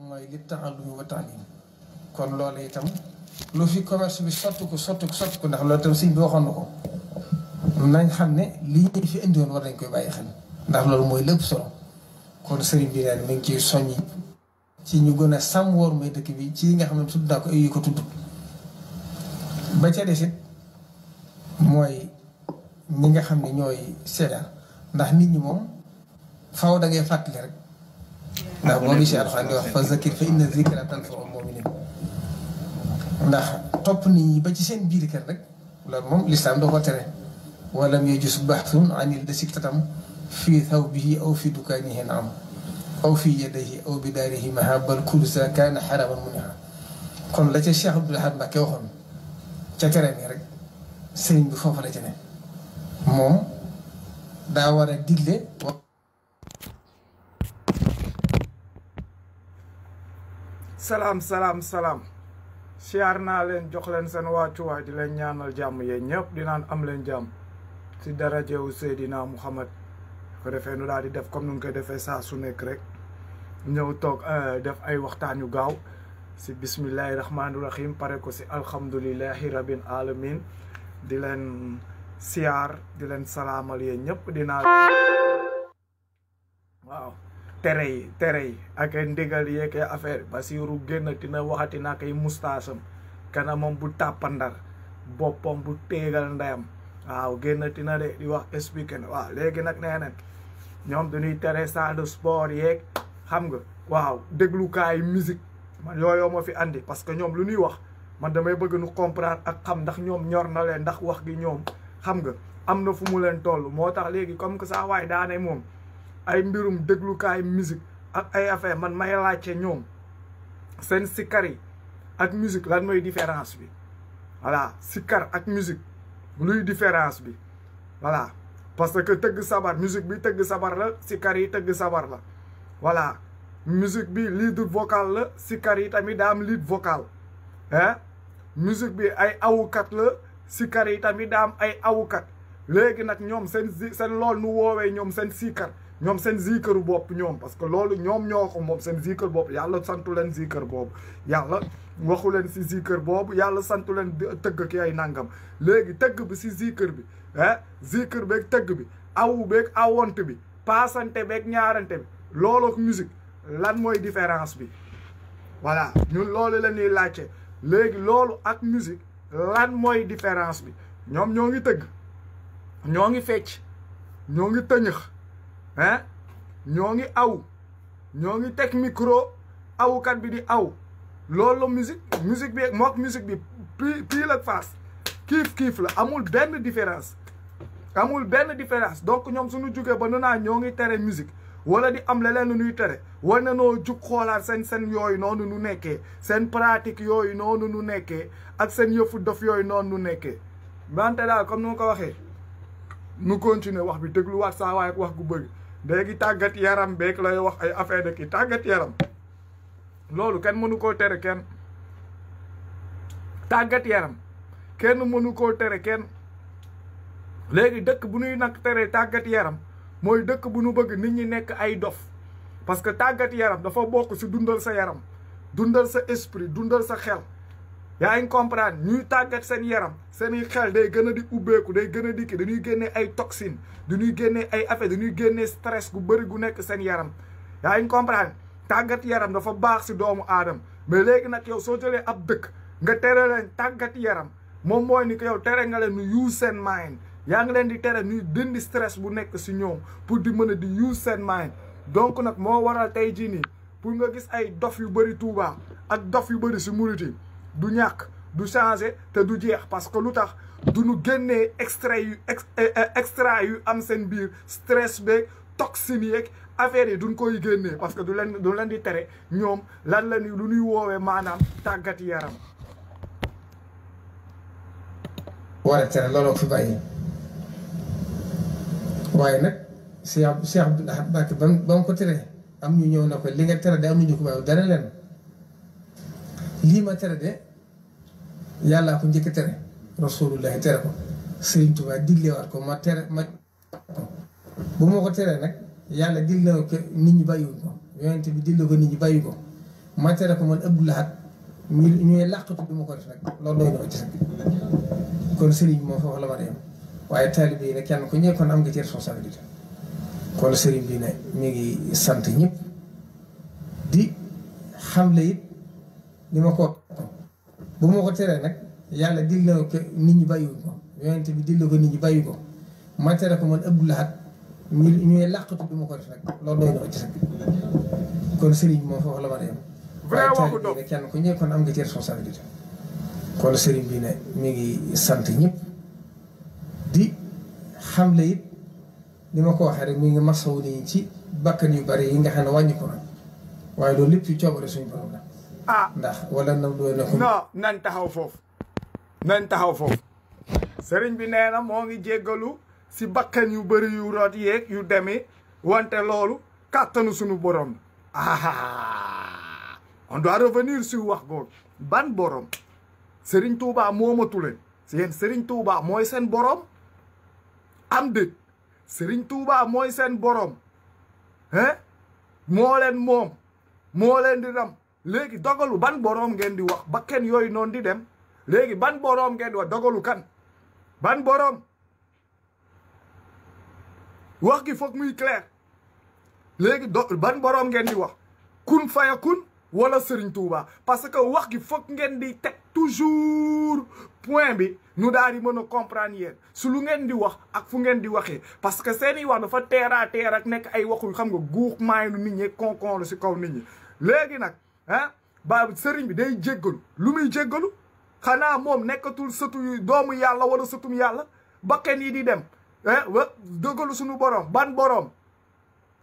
mooy li taxaluñu wa taalim kon loolu itam lu fi commerce bi sotti ko sotti ko sotti ko ndax loolu itam sëñ boo waxoon na ko nañ xam ne li ñu fi indiwoon war nañ koy bàyyi xel ndax loolu mooy lépp solo kon sëriñ bi daal mi ngi ciy soññ ci ñu gën a sàmm woor dëkk bi ci nga xam ne tudd naa ko ay tudd ba ca desit mooy ñi nga xam ne ñooy seeda ndax nit ñi moom faw da ngay fàttali rek ndax boo gisee alxuraan di wax fa zakir fa inna zikra tanfa'u mu'minin ndax topp nit ñi ba ci seen biir kër rek loolu moom lislaam do ko tere walam yajus baxsun anil dasik tatam fii thawbihi aw fi dukanihi naam aw fi yadayhi aw bi daarihi maha bal kursa kaana xaraman muniha kon la ca Cheikh Abdoul Ahad Mbacké waxoon ca tere mi rek sëriñ bi foofu la ca ne moom daa war a digle salaam salaam salaam siyaar naa leen jox leen seen wàccuwaay di leen ñaanal jàmm yee ñëpp di naan am leen jàmm ci darajewu Seydina Muhammad ko defee nu di def comme nu koy defee saa su nekk rek ñëw toog euh, def ay waxtaan yu gaaw si bismillahi rahmaani rahim pare ko ci alhamdulillahi rabbil alamin di leen Siar di leen salaamal yéen di dinaa wow terei terei tere yi ak ay ke yeeg basi affaire Basiiru tina wahati waxati naa koy mustaasam kanamam bu tàppandar boppam bu teegal ndeyam waaw génn tina de di wax expliqué na waaw léegi nag nee na ñoom dañuy tere salle de sport yeeg xam wow deglu kai man yo ma fi ande, pas que nyom lu ñuy wax man damay bëgg ñu comprendre ak xam ndax ñom ñor na leen ndax wax gi ñom xam nga am na fu mu leen toll moo tax léegi comme que saa waay daane moom ay mbirum déglukaay musique ak ay affaire man may laajte ñoom seen sikkar yi ak musique lan mooy différence bi voilà sikkar ak musique luy différence bi voilà parce que tëgg sabar musique bi tëgg sabar la si sikkar yi tëgg sabar la voilà musique bi lead vocal la si sikkar yi tamit daa am lead vocal hein musique bi ay awukat la sikkar yi tamit daa am ay awukat léegi nag ñoom seen seen loolu nu woowee ñoom seen sikkar ñoom seen zikaru bopp ñoom parce que loolu ñoom ñoo ko moom seen zikar bopp yàlla santu leen zikar boobu yàlla waxu leen si zikar boobu yàlla santu leen tëgg ki ay nangam léegi tëgg bi si zikar bi ah zikar beeg tëgg bi awu beeg awont bi paasante beeg ñaarante bi loolu ak musique lan mooy différence bi voilà ñun loolu la ñuy laajte léegi loolu ak musique lan mooy différence bi ñoom ñoo ngi tëgg ñoo ngi fecc ñoo ngi tëñëx ah ñoo ngi aw ñoo ngi teg micro awukat bi di aw loolu la musique bi mook musique bi pile ak face kiif kiif la amul benn différence amul benn différence donc ñoom suñu jugee ba nu naa ñoo ngi tere musique wala di am leneen lu tere war na noo jug xoolaat seen seen yooyu noonu nu nekkee seen pratique yooyu noonu nu nekkee ak seen yëfu dof yooyu noonu nu nekkee wante daal comme nu ma ko waxee nu continuer wax bi dégluwaat saa waay wax gu bëri tàggat yaram beeg lay wax ay affaire de tàggat yaram loolu kenn mënu koo tere kenn tàggat yaram kenn mënu koo tere kenn léegi dëkk bu nuy nag tere tàggat yaram mooy dëkk bu ñu bëgg nit ñi nekk ay dof parce que tàggat yaram dafa bokk si dundal sa yaram dundal sa esprit dundal sa xel yaa ngi comprendre ñuy tàggat seen yaram seeni xel day gën a di ubbeeku day gën a di kii dañuy génnee ay toxines dañuy génnee ay affaire dañuy génnee stress gu bëri gu nekk seen yaram yaa ngi comprendre tàggat yaram dafa baax si doomu aadam mais léegi nag yow soo jëlee ab dëkk nga tere leen tàggat yaram moom mooy ni ko yow tere nga leen nu use seen mind yaa ngi leen di tere ñuy dindi bu nekk ci ñoom pour di mën a di use seen donc nak mo waral tey jii nii pour nga gis ay dof yu bari Touba ak dof yu bari ci mouride du ñak du changer te du jeex parce que lu du nu génnee extrait yu eh, eh, extra yu am sen bir stress beeg toxine yeeg affaire yi duñ koy génnee parce que du len du len di téré ñom lan lan lu ñuy wowe manam tàggat yaram. wala a tere looloo fi bàyyi waaye nag. Cheikh Cheikh Abdoul Ahad Mbacké ba ba mu ko tere am ñu ñëw na ko li nga tere de am ñu ko waaye dara leen lii ma tere de yàllaa ko njëkk tere rasulullahi tere ko Sëriñ Tuubaa diglewaat ko ma ma bu ma ko teree nag yàlla digle ko nit ñi bàyyiwuñ ko bi digle ko nit ñi bàyyi ko ma tere ko man Abdoul Ahad ñu ñuy làqatu du ma ko def nag loolu doy na ko ci kon sëriñ bi moo fa wax la ma a yem waaye taalibe yi nag kenn ku ñëw kon am nga ci responsabilité kon sëriñ bi ne mi ngi sant ñëpp di xamle it ni ma ko bu ma ko teree nag yàlla digle ko nit ñi bàyyiwuñ ko yonente bi digle ko nit ñi bàyyi ko ma tere ko man Abdou Lahad ñu ñuy làqatu du ma ko def nag loolu doy ko ci sax kon sëriñ bi moom foofu la ma yem waaye kenn ku ñëw kon am nga ci responsabilité kon sëriñ bi ne mi ngi sant ñëpp di xamle it ni ma ko waxee rek mi ngi masawu nii ci bakkan yu bari yi nga xam ne wàññi ko na waaye loolu lépp ci coobare suñu borom la. Ah. ndax wala nag doy na ko. non nan taxaw foofu nan taxaw foofu. sëriñ bi nee na moo ngi jéggalu si bakkan yu bëri yu root yeeg yu demee wante loolu kàttanu suñu borom ah on doit revenir wax googu borom sëriñ Touba moomatu leen. sëriñ Touba mooy seen borom am Serigne Touba mooy seen boroom hein moo leen moom moo leen di ram léegi dogalu ban boroom ngeen di wax ba kenn yooyu noonu di dem léegi ban boroom ngeen di wax dogalu kan ban boroom wax gi foog muy clair léegi do ban boroom ngeen di wax kun faya kun wala Serigne Touba parce que wax gi foog ngeen di teg toujours point bi nu daal di mën a comprendre yéen su lu ngeen di wax ak fu ngeen di waxee parce que seen i wax dafa fa a teer nekk ay waxu xam nga guux maay nu nit ñi konkon si kaw nit ñi. léegi nag ah ba sëriñ bi day jéggalu lu muy jéggalu xanaa moom nekkatul sëtu doomu yàlla wala sëtum yàlla bakkan yi di dem wa dëggalu suñu borom ban borom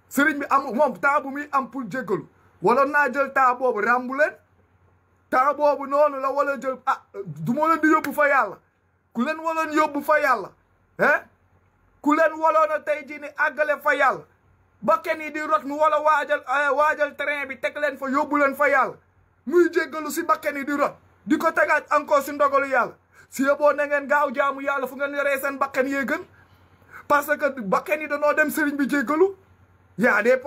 Serigne bi am moom temps bu muy am pour jéggalu. wala naa jël temps boobu ràmbu leen boobu noonu la wala jël ah du di yóbbu fa yàlla ku leen waloon yóbbu fa yàlla eh ku leen waloon a tey jii ni àggale fa yàlla ba kenn yi di rot mu wala waajal eh, waajal train bi teg leen fa yóbbu leen fa yàlla muy jéggalu si ba yi di rot di ko tegaat encore si ndogalu yàlla si yóbboo na ngeen gaaw jaamu yàlla fu ngeen yoree seen bakkan yee gën parce que bakkan yi danoo dem sëriñ bi jéggalu y a des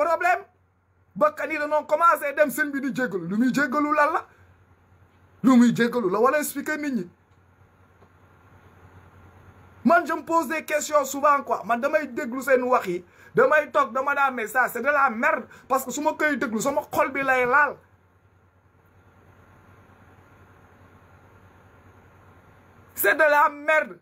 bakkan yi dañoo commencé dem sëñ bi di jéggalu lu mi jéggalu lan la lu mi jéggalu la wala expliquer nit ñi man je me pose des questions souvent quoi man damay déglu seen wax yi damay tok dama daa mais ça c'est de la merde parce que suma ma koy déglu sama xol bi lay laal c'est de la merde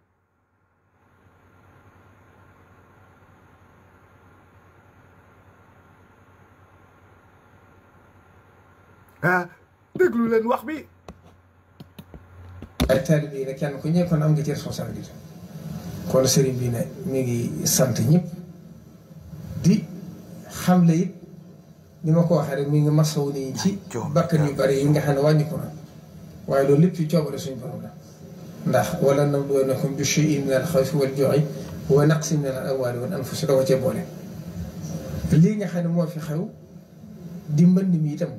ها دغلو لين واخ بي التالي بي كان كو نيي كون ام غي ريسبونسابيلتي كون سيرين بي ني ميغي سانت نييب دي خاملي نيما كو واخ ري ميغي مسوني تي نعم، باك نعم. ني بري ييغا خان واني كو واي لو ليب تي تيوبو لي سيني بروبلا ندخ نعم، ولا نمدو نكم بشيء من الخوف والجوع هو نقص من الاوال والانفس لو تيبولي li nga xamne mo fi xew di mbënd mi itam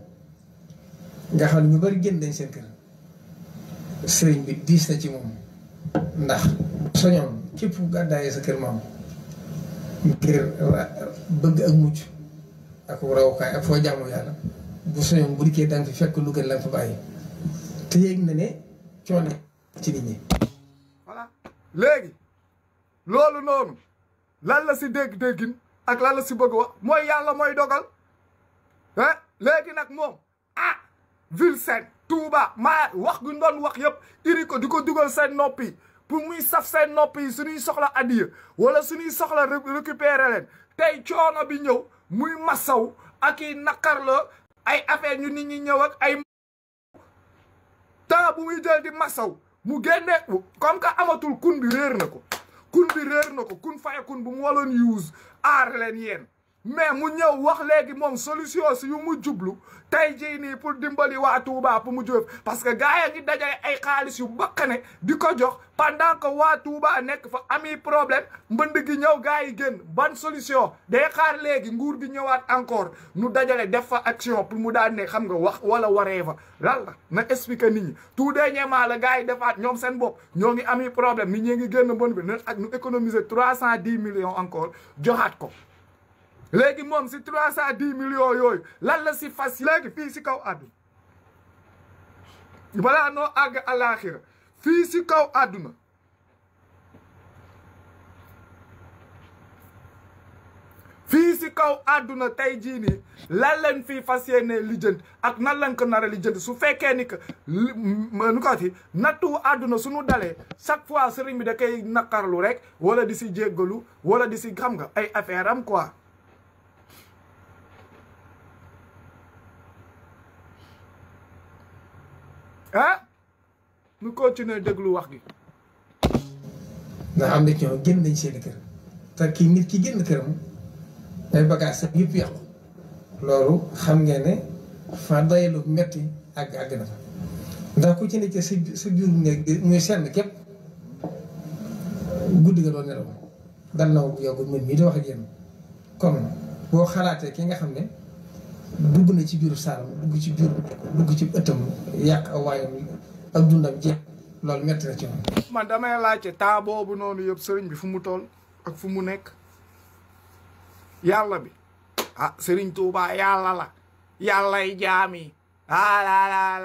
nga xam ne ñu bari génn dañ seen kër sëriñ bi diis na ci moom ndax soñoom képp gàddaayee sa kër maam ngir bëgg ak mucc ak foo jaamu yàlla bu soñoom bu dikkee danga fi fekk lu gën la nga fa bàyyi te yéeg na ne coono ci nit léegi loolu noonu lan la si dégg-déggin ak lan si bëgg wax mooy yàlla mooy dogal léegi nag moom ah, ville sainte Touba maa wax gu ñu doon wax yëpp iri ko di ko dugal seen noppi pour mu saf seen noppi yi suñuy soxla addiya wala suñuy soxla récupérer leen tey coono bi ñëw muy masaw ak i naqar la ay affaire ñu nit ñi ñëw ak ay temps bu muy jël di masaw mu génne comme que amatul kun bi réer na ko kun bi réer na ko kun faye kun bu mu waloon use aar leen yéen mais mu ñew wax légui mom solution si yu mu jublu tay ji ni pour dimbali wa Touba pour mu jóof parce que gaay yi ngi dajale ay xaalis yu bakane di ko jox pendant que wa Touba nek fa ami problème mbeund gi ñew gaay yi genn ban solution day xaar légui nguur bi ñewat encore nu dajale def fa action pour mu daane xam nga wax wala waré fa lan la na expliquer nit ñi tout dernièrement la gaay defaat ñoom sen bopp ami problème nit ñi ngi genn mbënd bi na nu économiser trois millions encore joxaat ko léegi moom si trois cent dix million yooyu lan la si fas léegi fii si kaw àdduna balaa noo àgg alaaxira fii si kaw àdduna fii si kaw àdduna tey jii nii lan fii fas yéene lijjanti ak na lañ ko nar a lijjanti su fekkee ni que nu ko waxee nattu su suñu dalee chaque fois sëriñ bi da koy naqarlu rek wala di si jéggalu wala di si xam nga ay affaire am quoi ah ñu continuer déglu wax gi. ndax am na ci génn nañ seen kër te kii nit ki génn këram ay bagages sax yëpp yàqu loolu xam nga ne fa doyalu metti ak àgg na fa ndax ku ci ne ca sa sa jur néeg muy senn képp guddi nga doon nelaw dal na yow mën mii di wax ak yéen comme boo xalaatee ki nga xam ne. dugg na ci biiru saaram dugg ci biir dugg ci ëttam yàq ak waayam ak dundam jeex loolu metti na ci man damay laajte taa boobu noonu yëpp sëriñ bi fu mu toll ak fu mu nekk yàlla bi ah sëriñ Tuubaa yàlla la yàllay jaami ah la la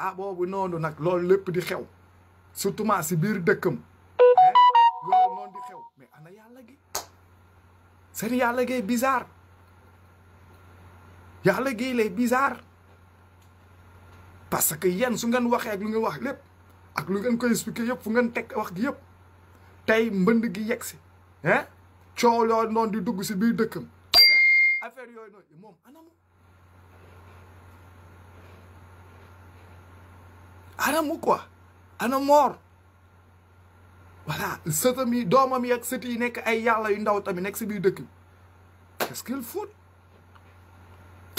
la noonu nag loolu lépp di xew surtout ma si biir dëkkam eh, loolu noonu di xew mais ana yàlla gi seen yàlla gi bizarre. yàlla gi lay bizarre parce que yéen su ngeen waxe ak lu ngeen wax lepp ak lu ngeen koy expliquer yep fu ngeen tek wax gi yep tay mbeund gi yexi hein ah coow yooyu di dugg ci biir dëkkam affaire yoy non mom anam anam quoi anam mort voilà sëtam yi domam yi ak sët yi nekk ay yalla yu ndaw tamit nek ci biir dëkk qu'est-ce qu'il fout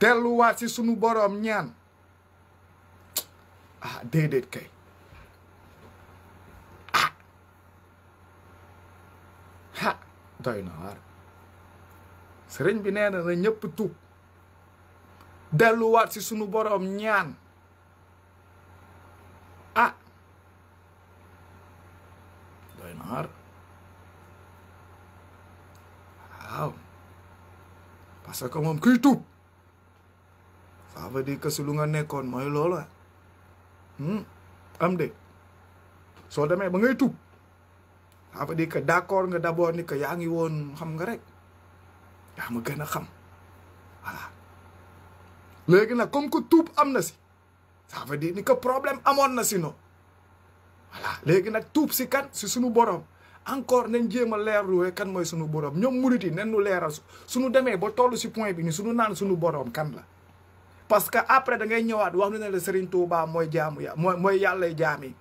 dellu wat si sunu borom ñaan ah dedet kay ah ha doy na war sëriñ bi neena na ñepp tu delu wat si sunu borom ñaan ah doy na waar waaw parce que kuy tout veut dire que si lu nga nekkoon mooy loola am de soo demee ba ngay tuub ça veut dire que d'accord nga d'abord ni que yaa ngi woon xam nga rek yaa ma gën a xam voilà léegi nag comme que tuub am na si ça veut di ni ka problème amoon na si no voilà léegi nag tuub si kan si sunu borom encore nañ jéem a leerlu kan mooy sunu borom ñoom murit yi nen nu leeral sunu demee ba toll si point bi ni sunu naan sunu borom kan la parce que après da ngay ñëwaat wax nu ne la Serigne Touba mooy jaamu ya mooy mooy yàllay jaam yi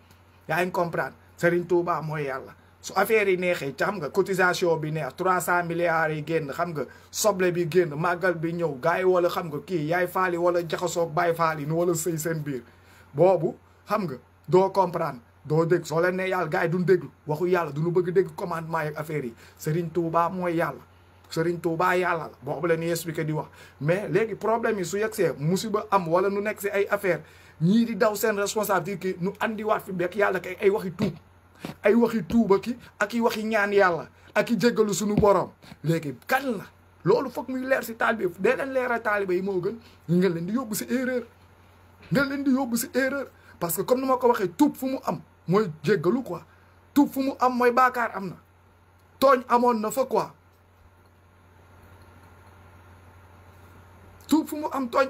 yaa ngi comprendre Serigne Touba mooy yàlla su affaire yi neexee xam nga cotisation bi neex trois cent milliards yi génn xam nga soble bi génn màggal bi ñëw gars yi wala xam nga kii yaay faali wala jaxasoog bàyyi faali nu wala sëy seen biir boobu xam nga doo comprendre doo dégg soo leen ne yàlla gars yi duñ déglu waxu yàlla duñu bëgg dégg commandement yeeg affaire yi Serigne Touba mooy yàlla Serigne Touba yàlla la boobu la di wax mais léegi problème yi su yegsee musiba am wala nu nekk si ay affaire ñii di daw seen responsabilité ki nu andiwaat fi bekk yàlla kay ay waxi tuub ay waxi tuuba ki ak i waxi ñaan yàlla ak i jéggalu suñu borom léegi kan la loolu foog muy leer si taalibe dee leen leeral taalibe yi moo gën nga leen di yóbbu si erreur nga leen di yóbbu si erreur parce que comme ni ma ko waxee tuub fu mu am mooy jéggalu quoi tuub fu mu am mooy baakaar am na tooñ amoon na fa quoi tout fu am togn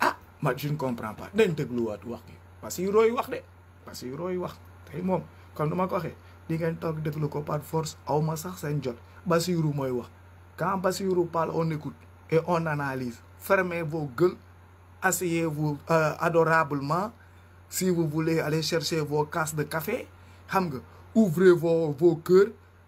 ah je ne comprends pas dañ wat wax parce que roy wax de parce que roy wax tay mom comme ko ko par force au wax quand parle on écoute et on analyse fermez vos gueules asseyez-vous euh, adorablement si vous voulez aller chercher vos tasses de café ouvrez vos vos cœurs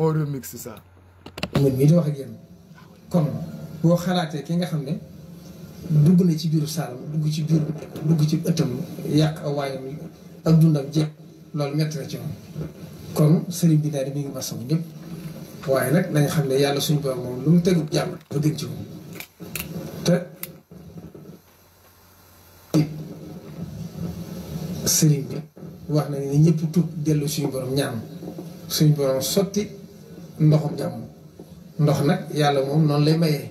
on remixe ça. man mii di wax ak yéen kon boo xalaatee ki nga xam ne dugg na ci biiru saalam dugg ci biir dugg ci ëttam yàq a waayam ak dundam jekk loolu métti na ci moom kon sëriñ bi daal di mi ngi masawu ñëpp waaye nag dañ xam ne yàlla suñu borom moom lu mu tegu jàmm ba dégg ci moom te sëriñ bi wax na ne ñëpp tuub dellu suñu borom ñaan suñu borom sotti. ndoxum ndox nag yàlla moom noonu lay mayee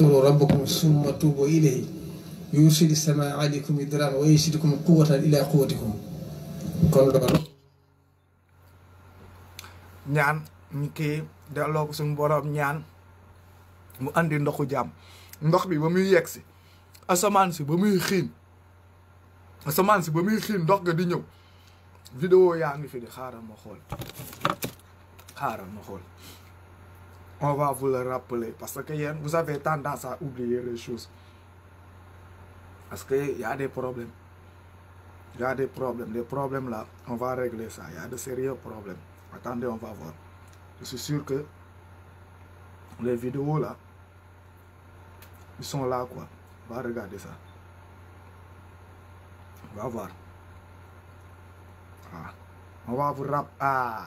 uru rabbakum summa tuubu ilayhi yursili samaa alaykum midraaran wa yazidkum quwwatan ila quwwatikum kon ñaan ñu kii delloo ko boroom ñaan mu andi ndoxu jàmm ndox bi ba muy yegg si asamaan si ba muy xiin asamaan si ba muy xiin ndox ga di ñëw vidéo yaa ngi fi di xaaral ma xool on va vous le rappeler parce que vous avez tendance à oublier les choses parce qu'il y a des problèmes il y a des problèmes des problèmes là on va régler ça il y a de sérieux problèmes attendez on va voir je suis sûr que les vidéos là ils sont là quoi on va regarder ça on va voir ah. on va vous rappeler ah.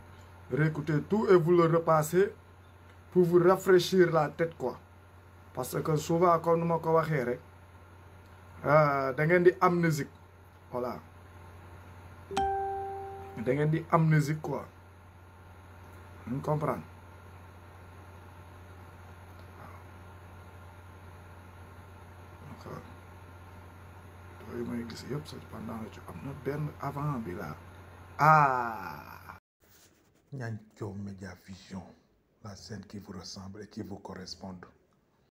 réécoutez tout et vous le repassez pour vous rafraîchir la tête quoi parce que souvent comme nous dit hein, euh, avons rek amnésique voilà Vous amnésique quoi vous comprenez euh, pendant avant Nyancho Media Vision, la scène qui vous ressemble et qui vous correspond.